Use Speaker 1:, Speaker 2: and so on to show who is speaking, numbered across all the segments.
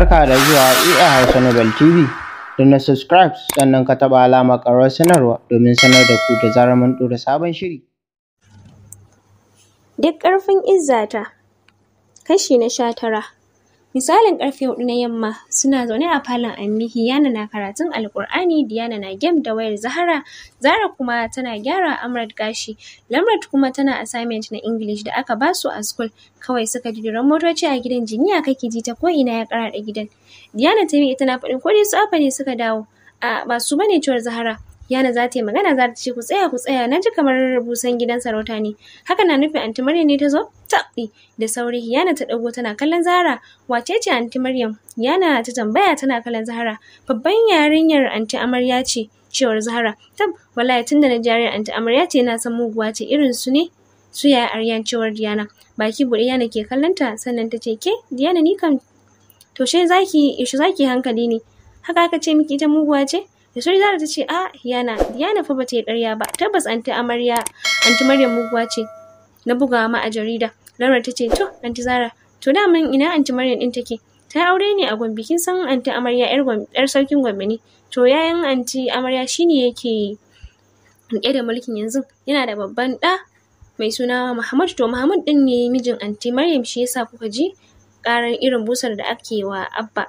Speaker 1: Barka da zuwa EA Hausa Nobel TV. Da na subscribe sannan ka taɓa alama ƙarar sanarwa domin sanar da ku da zarar mun dora sabon shiri. Duk ƙarfin izzata kashi na sha tara. Misalin ƙarfe huɗu na yamma suna zaune a falon annihi yana na karatun Alƙur'ani Diyana na game da wayar Zahara Zara kuma tana gyara Amrat gashi Lamrat kuma tana assignment na English da aka basu a school kawai suka ji duran motoci a gidan jiniya kake ji ta ko'ina ya da gidan. Diyana ta yi tana faɗin ko dai su ne suka dawo. a ba su bane cewar Zahara Yana za ta yi magana za ta ce ku tsaya ku tsaya na ji kamar busan gidan sarauta ne. Haka na nufin anti Maryam ne ta zo? Taɓi da sauri Yana ta ɗago tana kallon Zahra. Wace ce anti Maryam? Yana ta tambaya tana kallon zahara. Babban yarinyar anti Amarya ce cewar Zahra. Tab wallahi tunda na jariyar anti Amarya ce na san muguwa ce irin su ne su yaya aryan cewar Diana. Baki buɗe Yana ke kallon ta sannan ta ce ke Diana ni kam to shi zaki yaushe zaki hankali ne haka aka ce miki ita muguwa ce da sauri Zara ta ce a ah, yana. Yana fa bata yi ƙarya ba tabbas anti amarya anti Maryam muguwa ce na bugawa ma a jarida Laura ta ce to anti Zara to da mun ina anti Maryam din take ta aure ne a Gombe kin san anti amarya yar Gombe sarkin Gombe ne to yayan anti amarya shine yake rike da mulkin yanzu yana da babban ɗa mai suna Muhammad to Muhammad din ne mijin anti Maryam shi yasa kuka ji karan irin busar da ake wa Abba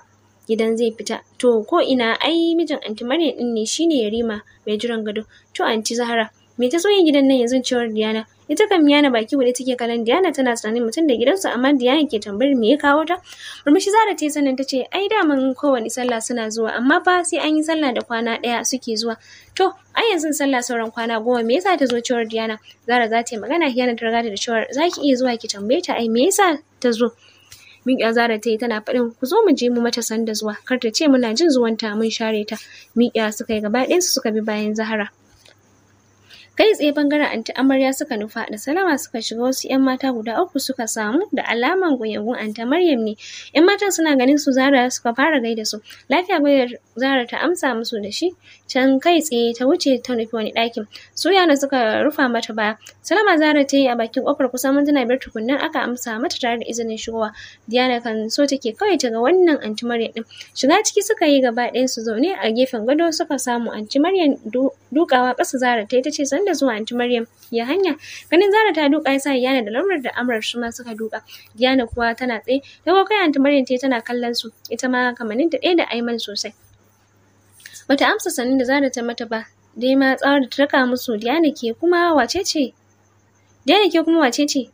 Speaker 1: gidan zai fita to ko ina ai mijin anti maryam din ne shine yarima mai jiran gado to anti zahra me ta soyin gidan nan yanzu cewar Diana ita kan miyana baki bude take kallon Diana tana tunanin mutum da gidansu amma Diana ke tambayar me ya kawo ta murmushi Zara ta sanin ta ce ai da mun kowane sallah suna zuwa amma fa sai an yi sallah da kwana daya suke zuwa to ai yanzu sallah sauran kwana goma me yasa ta zo cewar Diana Zara za ta yi magana Diana ta riga da cewar ki iya zuwa ki tambaye ta ai me yasa ta zo miƙa zara ta yi tana faɗin ku zo mu je mu mata sanda zuwa kar ta ce muna jin zuwanta mun share ta miƙa suka yi gaba su suka bi bayan zahara kai tsaye bangaren anti amarya suka nufa da salama suka shiga wasu yan mata guda uku suka samu da alaman gunyagun anti maryam ne yan matan suna ganin su zara suka fara gaida su lafiya bayar zara ta amsa musu da shi can kai tsaye ta wuce ta nufi wani ɗakin su yana suka rufa mata baya salama zara ta yi a bakin kofar kusan mintuna biyar tukunnan aka amsa mata tare da izinin shigowa diana kan so take kawai ta ga wannan anti maryam din shiga ciki suka yi gaba ɗayan su zaune a gefen gado suka samu anti maryam dukawa ƙasa zara ta yi ta ce sannan da zuwa anti Maryam ya hanya ganin Zara ta duka yasa Yana da Lamar da Amrar su ma suka duka Yana kuwa tana tsaye ta kai anti Maryam ta tana kallon su ita ma kamannin ta ɗaya da Aiman sosai bata amsa sanin da Zara ta mata ba dai ma tsawar da ta raka musu Yana ke kuma wace ce ke kuma wace ce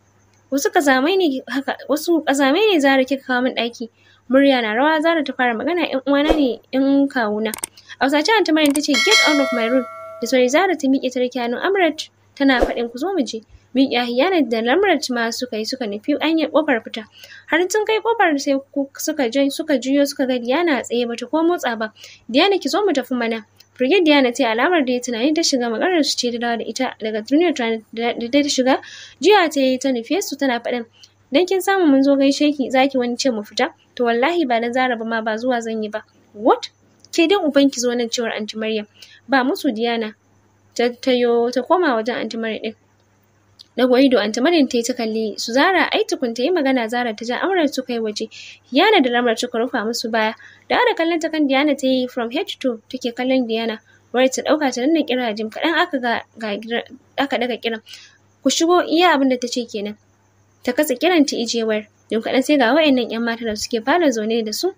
Speaker 1: wasu kazamai ne haka wasu kazamai ne Zara kika kawo min ɗaki murya na rawa Zara ta fara magana ƴan uwana ne ƴan kawuna Hausa ce Anti Maryam tace get out of my room da sauri Zara ta miƙe ta rike hannun Amrat tana faɗin ku zo mu je miƙe hiyanar da Amrat ma suka yi suka nufi anyar ƙofar fita har tun kai ƙofar sai suka je suka juyo suka ga Diana a tsaye bata ko motsa ba Diana ki zo mu tafi mana Brigade Diana ta yi alamar da ya tunani ta shiga maganar su ce da dawa da ita daga duniyar da ta shiga jiya ta yi ta nufe su tana faɗin dan kin samu mun zo gaishe ki zaki wani ce mu fita to wallahi ba na zara ba ma ba zuwa zan yi ba what ke dan ubanki zo nan cewar anti Maryam ba musu diyana ta tayo ta koma wajen anti mari din dago ido anti ta tayi ta kalli su Zara ai tukun yi magana Zara ta ja amrar su kai waje Yana da Lamar suka rufa musu baya da da kallon ta kan Diana tayi from head to take kallon diyana wai ta dauka ta danna kira jim kadan aka ga aka daga kiran ku shigo iya abin da ce kenan ta kasa kiran ta ijewar jim kadan sai ga wayannan yan mata da suke fara zaune da su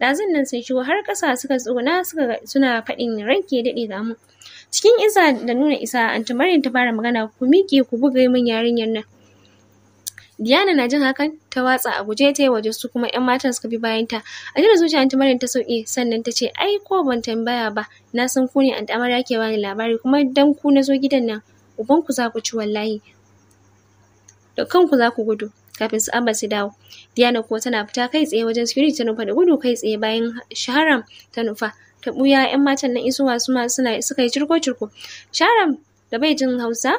Speaker 1: ɗazun nan sun shigo har ƙasa suka tsuguna suka suna faɗin ranke daɗe ga mu cikin isa da nuna isa anti maryam ta fara magana ku miƙe ku buga min yarinyar nan Diana na jin hakan ta watsa a guje ta yi waje su kuma 'yan matan suka bi bayan ta. A jira zuciya Anti Maryam ta sauke sannan ta ce ai ko ban tambaya ba na san ku ne Anti Amarya ke bani labari kuma dan ku na zo gidan nan uban ku za ku ci wallahi. Da kanku za ku gudu kafin su Abba su dawo. Diana kuma tana fita kai tsaye wajen security ta nufa da gudu kai tsaye bayan shaharam ta nufa. Ta ɓuya 'yan matan nan isuwa suma suna suka yi cirko-cirko. Shaharam da bai jin Hausa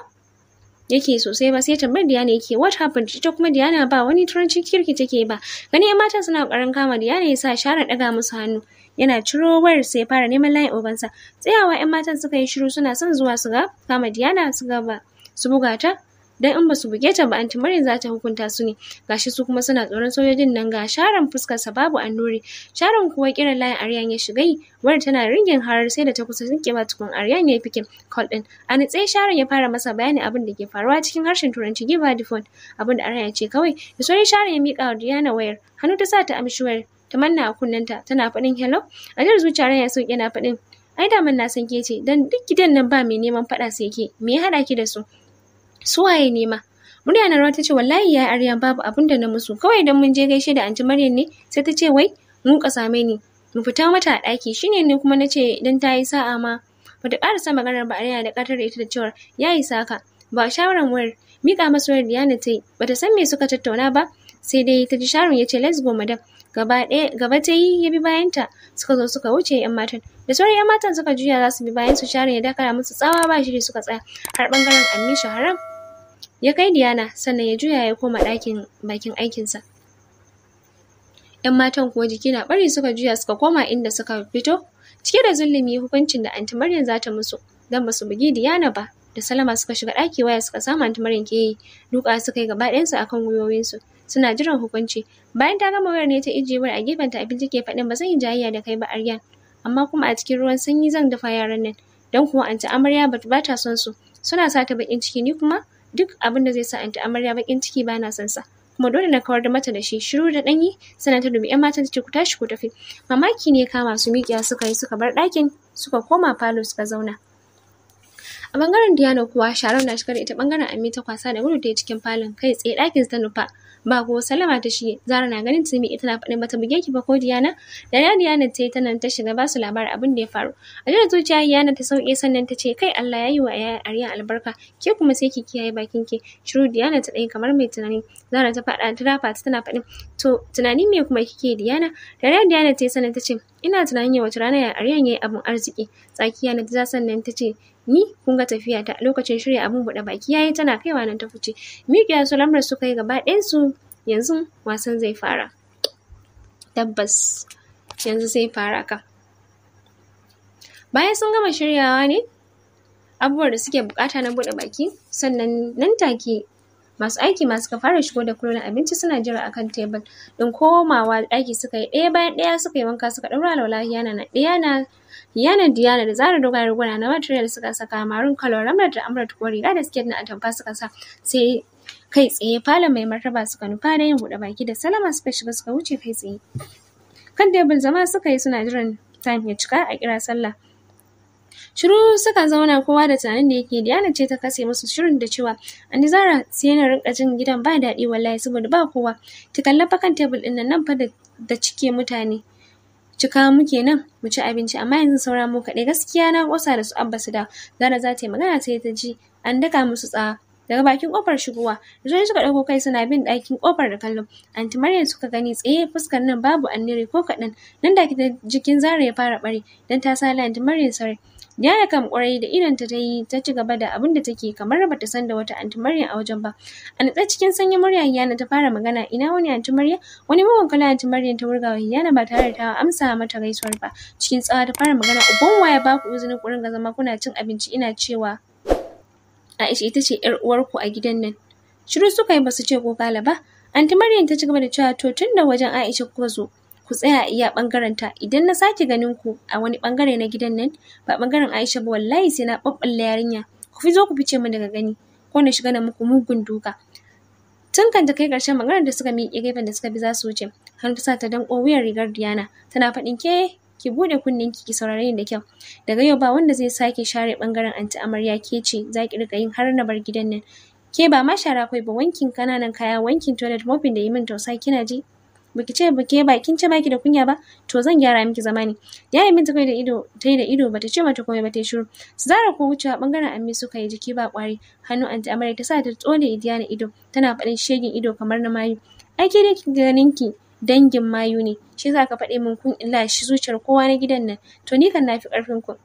Speaker 1: yake sosai ba sai tambayar Diana yake what happened ita kuma Diana ba wani turanci kirki take ba gani yan matan suna ƙoƙarin kama Diana sa Sharon daga musu hannu yana ciro wayar sai ya fara neman layin ubansa tsayawa yan matan suka yi shiru suna son zuwa su ga kama Diana su ga ba su buga ta dan in basu buge ta ba anti Maryam za ta hukunta su ne gashi su kuma suna tsoron sojojin nan ga sharan fuskar sa babu annuri sharan kuwa kiran layin Aryan ya shiga yi wanda tana ringin harar sai da ta kusa tsinkewa tukun Aryan ya fike call din a nitse sharan ya fara masa bayani abin da ke faruwa cikin harshen turanci give her the phone abin da Aryan ya ce kawai da sauri sharan ya mika wa Diana wayar hannu ta sa ta amshi wayar ta manna a kunnenta tana faɗin hello a jar zuciyar ya sauke na faɗin ai da na san ke ce dan duk gidan nan ba mai neman faɗa sai ke me ya hada ki da su su waye ne ma murya na rawa ta ce wallahi yayi aryan babu abin da na musu kawai dan mun je gaishe da anti maryam ne sai ta ce wai mun ka same ni mu fita mata a ɗaki shine ne kuma na ce idan ta yi sa'a ma Ba ta ƙarasa maganar ba aryan da ƙatar ita da cewa yayi saka ba shawaran wayar mika masa wayar Diana ta yi ta san me suka tattauna ba sai dai ta ji Sharon ya ce let's go madam gaba ɗaya gaba ta yi ya bi bayanta suka zo suka wuce yan matan da sauran yan matan suka juya za su bi bayan su Sharon ya dakara musu tsawa ba shiri suka tsaya har bangaren Amisha Haram Ya kai Diana sannan ya juya ya koma ɗakin bakin aikinsa. ‘Yan matan kuwa jiki na ɓari suka juya suka koma inda suka fito, cike da zulumi hukuncin da Anti Maryam za ta musu, don ba su bugi Diana ba. Da Salama suka shiga ɗaki waya suka samu Anti Maryam ke yi, duka suka yi gaba ɗayansu akan su Suna jiran hukunci. Bayan ta gama wayar ne ta ijiye wayar a gefenta abin take faɗin ba zan yi jayayya da kai ba Aryan. Amma kuma a cikin ruwan sanyi zan dafa yaran nan. Don kuwa Anti Amarya ba ta son su. Suna sata ta baƙin ciki ni kuma duk abin da zai sa in amarya bakin ciki ba na son sa kuma dole na kawar da mata da shi shiru da danyi sannan ta dubi yan matan tace ku tashi ku tafi mamaki ne kama su miƙiya suka yi suka bar ɗakin suka koma falo suka zauna a bangaren Diana kuwa Sharon na shigar ita bangaren Ami ta kwasa da gudu da cikin falon kai tsaye ɗakin ta nufa ba ko salama ta shige zara na ganin ta ita tana faɗin Ta buge ki ba ko diyana da ya diyana ta yi ta nan ta shiga ba su labarin abin da ya faru a jira zuciya yana ta sauke sannan ta ce kai Allah ya yi wa ariya albarka ke kuma sai ki kiyaye bakin ki shiru diyana ta ɗaya kamar mai tunani zara ta faɗa ta ta tana faɗin to tunani me kuma kike diyana da ya diyana ta yi sannan ta ce Ina tunanin yau wace rana ya Aryan yayi abun arziki. Tsakiya na ta sannan ta ce ni kun ga tafiya ta lokacin shirya abun buɗe baki yayi tana kaiwa nan ta fice. Miƙiya su lamar suka yi gaba ɗayan su yanzu wasan zai fara. Tabbas yanzu zai fara ka. Bayan sun gama shiryawa ne abubuwan da suke bukata na buɗe baki sannan nan take masu aiki ma suka fara shigo da kulolin abinci suna jira akan tebur din komawa ɗaki suka yi ɗaya bayan ɗaya suka yi wanka suka ɗaura alwala yana na ɗaya na Yanar Diyana da Zara dogon riguna na material suka saka marun kalon ramar da amrat ko riga da siket na atamfa suka sa sai kai tsaye falon mai martaba suka nufa da yin buɗe baki da salama suka shiga suka wuce kai tsaye. Kan tebur zama suka yi suna jiran time ya cika a kira sallah. Shiru suka zauna kowa da tunanin da yake Diana ce ta kase musu shirin da cewa andi Zara sai na rinka jin gidan ba daɗi wallahi saboda ba kowa. Ki kalla fa kan tebul ɗin nan fa da cike mutane. Cika muke nan mu ci abinci amma yanzu saura mu kaɗai gaskiya na ƙosa da su Abba su da Zara za ta yi magana sai ta ji an daka musu tsawa daga bakin kofar shigowa yanzu suka dauko kai suna bin ɗakin kofar da kallon anti maryam suka gani tsaye fuskar nan babu annire ko kaɗan nan da jikin zara ya fara bare dan ta sale anti maryam sarai Diana kam kwarai da idonta ta yi ta ci gaba da abin da take kamar bata san da wata anti Maryam a wajen ba. A natsa cikin sanyin murya Hiyana ta fara magana ina wani anti Maryam wani mugun kala anti Maryam ta wurgawa Hiyana ba tare da ta amsa mata gaisuwar ba. Cikin tsawa ta fara magana ubon waya ba ku izinin ku ringa zama kuna cin abinci ina cewa Aisha ita ce ‘yar uwarku a gidan nan. Shiru suka yi ba su ce ko gala ba. Anti Maryam ta ci gaba da cewa to tun da wajen Aisha kuka zo ku tsaya a iya ɓangaren ta idan na sake ganin ku a wani ɓangare na gidan nan ba ɓangaren Aisha ba wallahi sai na ɓaɓɓalla yarinya ku fi zo ku fice min daga gani ko na shiga na muku mugun duka. Tun kan ta kai ƙarshen maganar da suka miƙe gefen da suka bi za su wuce, hannu ta sa ta danƙo wuyan rigar Diana, tana faɗin ke ki bude kunninki ki saurare ni da kyau daga yau ba wanda zai sake share bangaren anti amarya ke ce za ki rika yin har na bar gidan nan ke ba ma shara kai ba wankin kananan kaya wankin toilet mopping da yi min tausa kina ji baki ce baki ba kin ce baki da kunya ba to zan gyara miki zama zamani yayi minta kai da ido tai da ido bata ce mata komai ba tai shiru zara ko wucewa bangaren ammi suka yi jiki ba kwari hannu anti amarya ta sa ta tsone idiya na ido tana faɗin shegin ido kamar na mayu ai ke dai ganin ki dangin mayu ne shi yasa ka faɗi min kun illa shi zuciyar kowa na gidan nan to ni kan nafi ƙarfin ku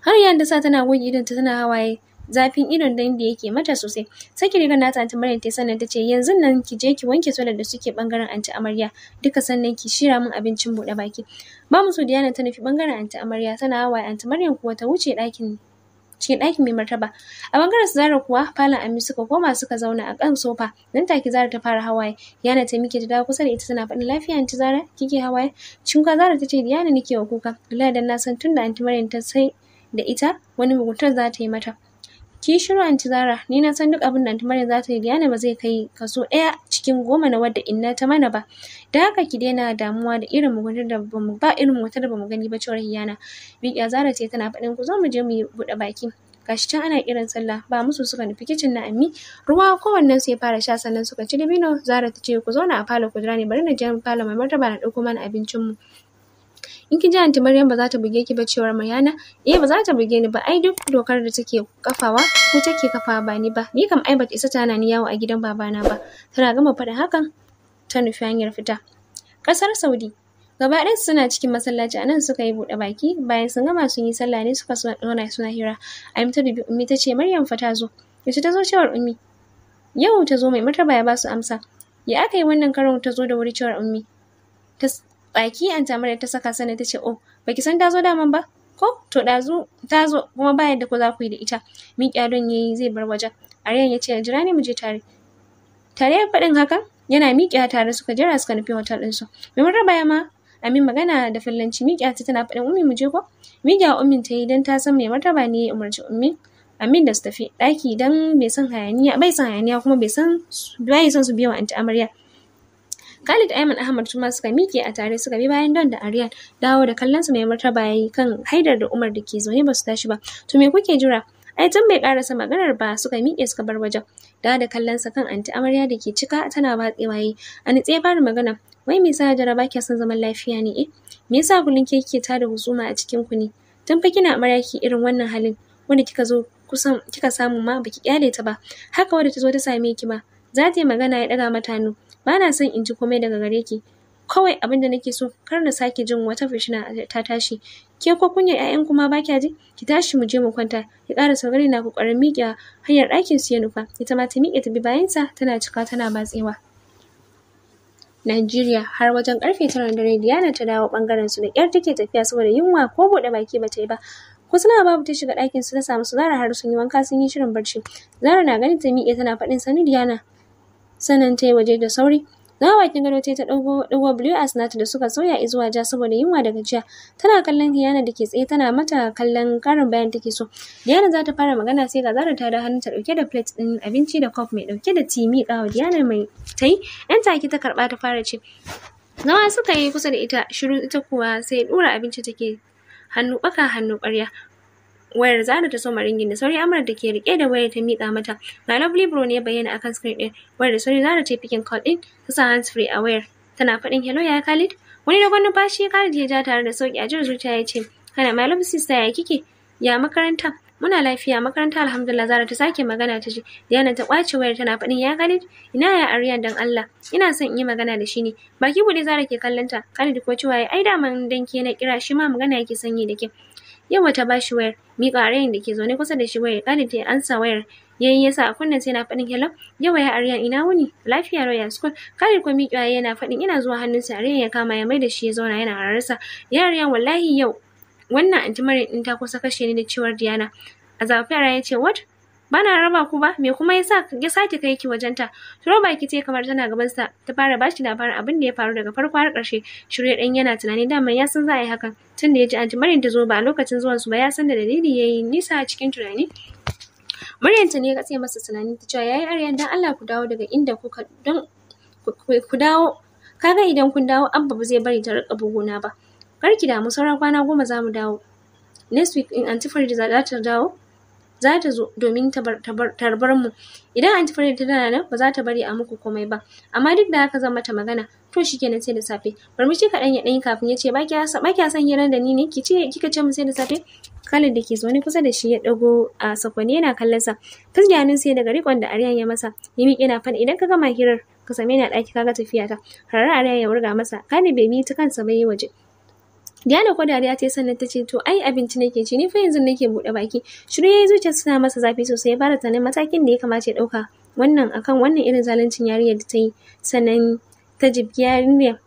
Speaker 1: har yayin da sa tana goge idonta tana hawaye zafin idon dan da yake mata sosai saki rigar nata anti Maryam ta ta tace yanzu nan ki je ki wanke tolar da suke bangaren anti Amarya duka sannan ki shira min abincin bude baki mamu yana ta nufi bangaren anti Amarya tana hawaye anti Maryam kuwa ta wuce ɗakin cikin ɗakin mai martaba a bangaren zara kuwa falon ami suka koma suka zauna a kan sofa nan take zara ta fara hawaye yana ta miki ta dawo kusa da ita tana faɗin lafiya anti zara kike hawaye cinka zara ta ce diyana nake wa kuka wallahi dan na san da anti maryam ta sai da ita wani muguntar za ta yi mata ki shiru anti zara ni na san duk abin da anti maryam za ta yi diyana ba zai kai kaso ɗaya cikin goma na wadda inna ta mana ba da haka ki daina damuwa da irin muguntar da bamu ba irin muguntar da bamu gani ba cewar hiyana ya zara ce tana faɗin ku zo mu je mu buɗe baki gashi can ana irin sallah ba musu suka nufi kicin na ammi ruwa kowanne su ya fara sha sannan suka ci dabino zara ta ce ku zo na a falo ku ne bari na je falo mai martaba na ɗauko mana abincin mu in kin ji anti Maryam ba za ta buge ki ba cewar Maryana eh ba za ta buge ni ba ai duk dokar da take kafawa ko take kafawa ba ni ba ni kam ai bata isa tana ni yawo a gidan babana ba tana gama faɗa hakan ta nufi hanyar fita ƙasar Saudi gaba ɗaya suna cikin masallaci anan suka yi buɗe baki bayan sun gama sun yi sallah ne suka zauna suna hira Aimta da Ummi ta ce Maryam fa ta zo yace ta zo cewar Ummi yau ta zo mai martaba ya ba su amsa ya aka yi wannan karon ta zo da wuri cewar Ummi baki an mara ta saka sana ta ce oh baki san ta zo daman ba ko to zo ta zo kuma ba yadda ko za ku yi da ita miƙiya don yayi zai bar wajen aryan ya ce jira ne mu je tare tare ya faɗin hakan yana miƙiya tare suka jira suka nufi hotel ɗinsu domin raba ma amin magana da fillanci miƙiya ta tana faɗin ummi mu je ko miƙiya ummin ta yi don ta san mai martaba ne ya umarci ummi amin da su tafi ɗaki don bai san hayaniya bai san hayaniya kuma bai san bai san su biya wa anti amarya Khalid Ayman Ahmad Tuma suka miƙe a tare suka bi bayan Don da Aryan dawo da kallon su mai martaba yayi kan Haidar da Umar da ke zaune ba su tashi ba. To me kuke jira? Ai tun bai karasa maganar ba suka miƙe suka bar wajen. Da da kallon sa kan anti amarya da ke cika tana batse waye. A nitse ya fara magana. Wai me yasa jaraba ke son zaman lafiya ne eh? Me yasa kullun ke kike da husuma a cikin ku ne? Tun fa kina amarya ki irin wannan halin wanda kika zo kusan kika samu ma baki kyale ta ba. Haka wanda ta zo ta same ki ba. Za ta yi magana ya daga mata hannu. bana son in ji komai daga gare ki kawai abin da nake so kar na sake jin wata fushina ta tashi ke ko kunya ƴaƴan kuma ba kya ji ki tashi mu je mu kwanta Ki ƙara saurari na kokarin miƙe hanyar ɗakin su ya nufa ita ma ta miƙe ta bi bayansa tana cika tana matsewa Najeriya har wajen ƙarfe tara dare Diana ta dawo bangaren su da ƙyar take tafiya saboda yunwa ko buɗe baki bata yi ba nawa babu ta shiga ɗakin su ta samu su Zara har sun yi wanka sun yi shirin barci. Zara na ganin ta miƙe tana faɗin sani Diana sannan ta yi waje da sauri zama bakin gado ta ɗago ɗago blue eyes nata da suka sauya zuwa ja saboda yunwa da gajiya tana kallon hiyana da ke tsaye tana mata kallon karin bayan take so diana za ta fara magana sai ga zara ta da ta. ɗauke da plate ɗin abinci da cup mai ɗauke da tea mi wa diana mai ta yi Ƴan take ta karɓa ta fara ce zama suka yi kusa da ita shiru ita kuwa sai ɗora abinci take hannu baka hannu ƙwarya wayar Zara ta soma ringin da sauri Amara da ke rike da wayar ta mika mata. Ga Lovely Bro ne bayyana akan screen din wayar da sauri Zara ta yi picking call din ta sa hands free a wayar. Tana faɗin hello ya Khalid. Wani dogon numfashi Khalid ya ja tare da sauki a jin zuciya ya ce kana my love sister ya kike ya makaranta muna lafiya makaranta alhamdulillah Zara ta sake magana ta ce Diana ta kwace wayar tana faɗin ya Khalid ina ya Aryan dan Allah ina son in yi magana da shi ne baki bude Zara ke kallon ta Khalid ko ciwaye ai daman dan ke na kira shi ma magana yake sanyi da ke Yau ta shi wayar, miƙa Aryan da ke zaune kusa da shi wayar, Khalid ya ansa wayar. Yayi yasa a kunnen sai na faɗin hello, Yau ya Aryan ina wuni, lafiya raya sukun. Khalid ko miƙa yana faɗin ina zuwa hannunsa arya ya kama ya mai da shi ya zauna yana hararsa. Ya Aryan wallahi yau wannan antimarin in ta kusa kashe ni da cewar Diana. A zafi ya ce what? bana raba ku ba me kuma yasa ya sake kai ki wajenta turo baki ce kamar tana gaban sa ta fara bashi labarin abin da ya faru daga farko har karshe shirye dan yana tunani dama ya san za a yi hakan tun da ya ji anti Maryam ta zo ba a lokacin zuwan su ba ya san da dalili yayi nisa a cikin tunani Maryam ta ne ya katse masa tunani ta cewa yayi aryan dan Allah ku dawo daga inda kuka don ku dawo kaga idan kun dawo abba ba zai bari ta rika buguna ba kar ki damu sauran kwana goma za mu dawo next week in anti Farida za ta dawo za ta zo domin tarbar mu idan anti ta tana nan ba za ta bari a muku komai ba amma duk da haka zan mata magana to shikenan sai da safe shi kaɗan ya ɗanyi kafin ya ce ba kya son hirar da ni ne ki ce kika ce mu sai da safe Khalid da ke zaune kusa da shi ya dago a sakwani yana kallon sa fuske hannun sai daga rikon da Aryan ya masa ni mi na fani idan ka gama hirar ka same ni a ɗaki kaga tafiya ta harar Aryan ya wurga masa kani bai bi ta kansa bai waje Diana ko dariya ta yi sannan ta ce to ai abinci nake ci ni fa yanzu nake buɗe baki. Shiru ya yi zuciya suna masa zafi sosai ya fara tunanin matakin da ya kamata ya ɗauka wannan akan wannan irin zaluncin yarinyar da ta yi sannan ta jibgi yarinyar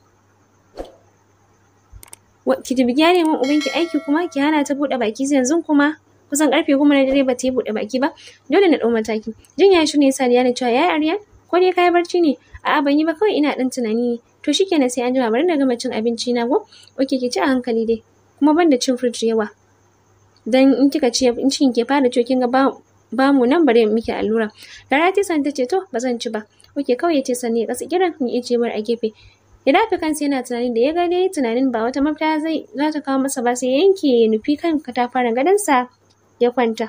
Speaker 1: ki jibgi yarinyar ubanki aiki kuma ki hana ta buɗe baki yanzu kuma kusan karfe goma na dare ba ta yi buɗe baki ba dole na ɗau mataki jin ya ya sa Diana cewa ya yi ko dai kayi barci ne a'a ban yi ba kawai ina dan tunani ne to shikenan sai an jima bari na gama cin abinci na ko oke ki ci a hankali dai kuma ban da cin fruit yawa dan in kika ci in cikin ke fara cokin kin ga ba ba mu nan bare miki allura gara ta san ta ce to ba zan ci ba oke kawai ya ce sanne kasa kiran ni ije bar a gefe ya dafe kansa yana tunanin da ya ga dai tunanin ba wata mafita zai za ta kawo masa ba sai yanke ya nufi kan gadon sa ya kwanta.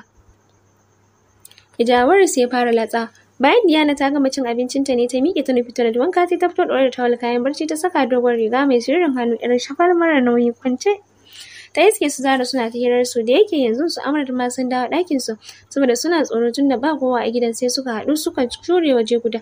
Speaker 1: sai ya fara latsa Bayan Diana ta gama cin abincinta ne ta miƙe ta nufi toilet wanka sai ta fito ɗaure da tawul kayan barci ta saka dogon riga mai shirin hannu irin shafar mara nauyi kwance. Ta iske su zara suna ta hirar su da yake yanzu su amurda ma sun dawo ɗakin su saboda suna tsoro tun da ba kowa a gidan sai suka haɗu suka cure waje guda.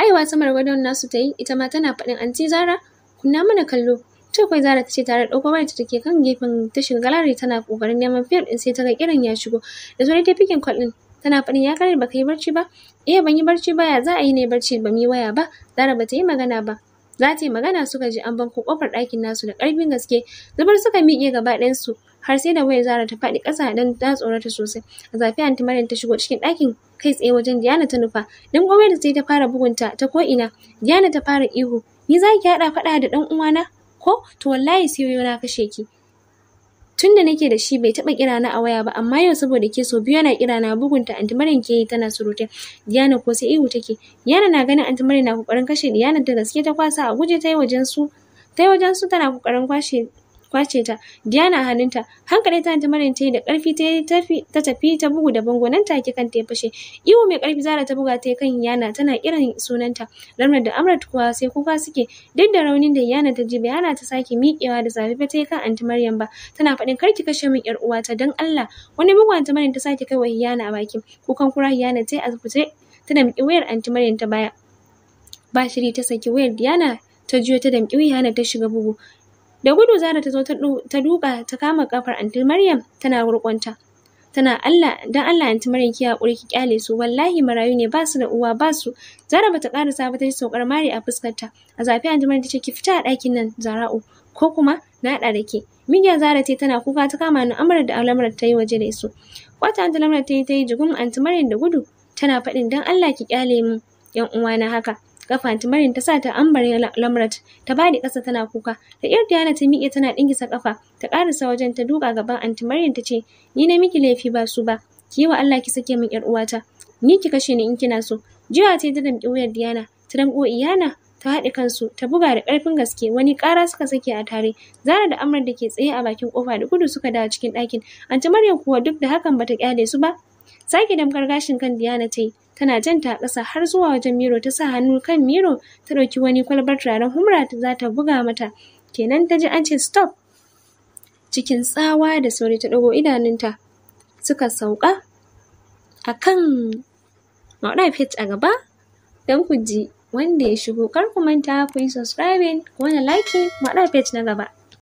Speaker 1: haihuwa ta gwadon nasu ta yi ita ma tana faɗin anti zara kunna mana kallo Ta kai zara ta ce tare da ɗaukar wayarta take kan gefen tashin galari tana ƙoƙarin neman fiyar ɗin sai ta ga kiran ya shigo da sauri ta fikin kwal tana faɗin ya kare baka yi barci ba eh ban yi barci ba ya za a yi ne barci ba mu waya ba Zara ba ta yi magana ba za ta yi magana suka ji an banko kofar ɗakin nasu da ƙarfin gaske zubar suka miƙe gaba ɗayansu har sai da wayar Zara ta faɗi ƙasa dan ta tsorata sosai a zafi anti Maryam ta shigo cikin ɗakin kai tsaye wajen Diana ta nufa dan da sai ta fara bugunta ta ko ina Diana ta fara ihu ni za ki haɗa faɗa da ɗan uwana ko to wallahi sai na kashe ki tun da nake da shi bai taɓa kira na a waya ba amma yau saboda ke so biyu yana kira na bugunta anti maryam ke yi tana surutai diana ko sai ihu take yana na ganin anti na kokarin kashe diana da gaske ta kwasa a guje ta yi wajen su ta yi wajen su tana kokarin kwashe kwace ta Diana a hannunta hankali ta ta marin ta yi da ƙarfi ta ta tafi ta bugu da bango nan take ta ya fashe iwo mai ƙarfi Zara ta buga ta kan Yana tana kiran sunanta Ramnat da Amrat kuwa sai kuka suke duk da raunin da Yana ta ji bayana ta sake miƙewa da zafi ta yi kan Aunty Maryam ba tana faɗin kar ki kashe min 'yar uwata don Allah wani bugu ta marin ta sake kai wa Hiyana a baki kukan kura Hiyana ta yi a fice tana miƙe wayar Aunty Maryam ta baya Bashiri ta saki wayar Diana ta juyo ta damƙi Rihanna ta shiga bugu. Da gudu Zara ta zo ta duka ta kama kafar Anti Maryam tana gurgunta. Tana Allah dan Allah Anti Maryam ki hakuri ki kyale su wallahi marayu ne ba su da uwa ba su. Zara bata karasa ba ta saukar mari a fuskarta. A zafi Anti Maryam tace ki fita a ɗakin nan Zara'u ko kuma na haɗa ki. ke. Zara ce tana kuka ta kama ni da alamar ta yi waje da su. kwata Anti Maryam ta yi ta yi jigum Anti Maryam da gudu tana faɗin dan Allah ki kyale mu yan uwa na haka. Gafa marin ta sa ta ambare Lamrat ta bani kasa tana kuka. Da iyar diyana ta miƙe tana dingisa kafa ta ƙarasa wajen ta duka gaban marin ta ce ni na miki laifi ba su ba. Ki yi wa Allah ki sake min 'yar uwata. Ni ki kashe ni in kina so. Jiya ce ta damƙi wuyar diyana. ta damƙo Iyana ta haɗe kansu ta buga da ƙarfin gaske wani ƙara suka sake a tare zara da amrar da ke tsaye a bakin kofa da gudu suka dawo cikin ɗakin anti maryam kuwa duk da hakan bata kyale su ba sake damkar gashin kan diana ta tana jan janta ƙasa har zuwa wajen miro ta sa hannu kan miro ta ɗauki wani kwalbar turaren humra za ta buga mata kenan ta ji an ce stop cikin tsawa da sauri ta ɗago idanunta suka sauka a kan maɗa fit a gaba don ku ji wanda ya shigo kar ku manta ku yi subscribing ku wani like maɗa fit na gaba